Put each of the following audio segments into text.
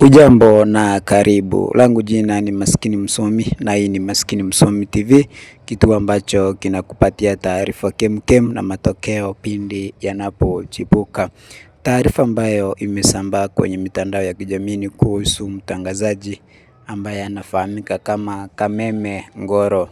Ujambo na karibu. Langu jina ni Maskini Msomi na hii ni Maskini Msomi TV, kituo ambacho kinakupatia taarifa kemkem na matokeo pindi yanapochipuka. Taarifa ambayo imesambaa kwenye mitandao ya kijamii ni kuhusu mtangazaji ambaye anafahamika kama Kameme Ngoro.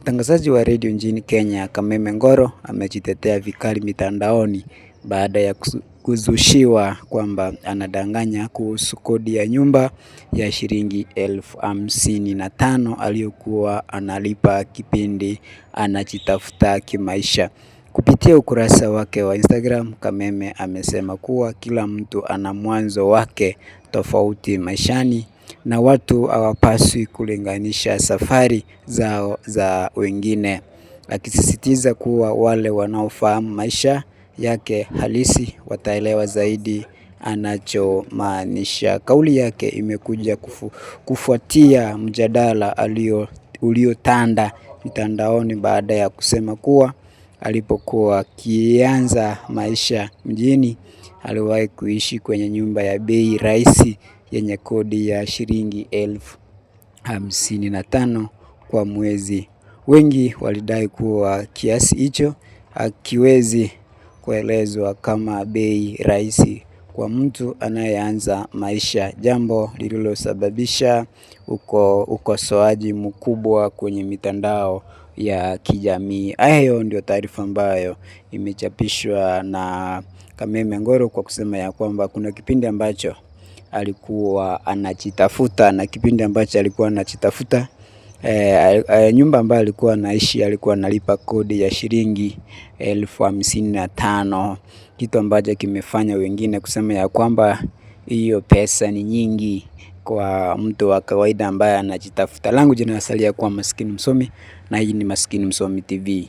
Mtangazaji wa redio nchini Kenya Kameme Ngoro amejitetea vikali mitandaoni baada ya kusu kuzushiwa kwamba anadanganya kuhusu kodi ya nyumba ya shilingi elfu hamsini na tano aliyokuwa analipa kipindi anajitafuta kimaisha. Kupitia ukurasa wake wa Instagram, Kameme amesema kuwa kila mtu ana mwanzo wake tofauti maishani na watu hawapaswi kulinganisha safari zao za wengine, akisisitiza kuwa wale wanaofahamu maisha yake halisi wataelewa zaidi anachomaanisha. Kauli yake imekuja kufu, kufuatia mjadala alio uliotanda mitandaoni baada ya kusema kuwa alipokuwa akianza maisha mjini aliwahi kuishi kwenye nyumba ya bei rahisi yenye kodi ya shilingi elfu hamsini na tano kwa mwezi. Wengi walidai kuwa kiasi hicho akiwezi kuelezwa kama bei rahisi kwa mtu anayeanza maisha, jambo lililosababisha uko ukosoaji mkubwa kwenye mitandao ya kijamii. Hayo ndio taarifa ambayo imechapishwa na Kameme Ngoro kwa kusema ya kwamba kuna kipindi ambacho alikuwa anachitafuta na kipindi ambacho alikuwa anachitafuta Eh, eh, nyumba ambayo alikuwa anaishi alikuwa analipa kodi ya shilingi elfu hamsini na tano, kitu ambacho kimefanya wengine kusema ya kwamba hiyo pesa ni nyingi kwa mtu wa kawaida ambaye anajitafuta. Langu jina asalia kuwa Maskini Msomi na hii ni Maskini Msomi TV.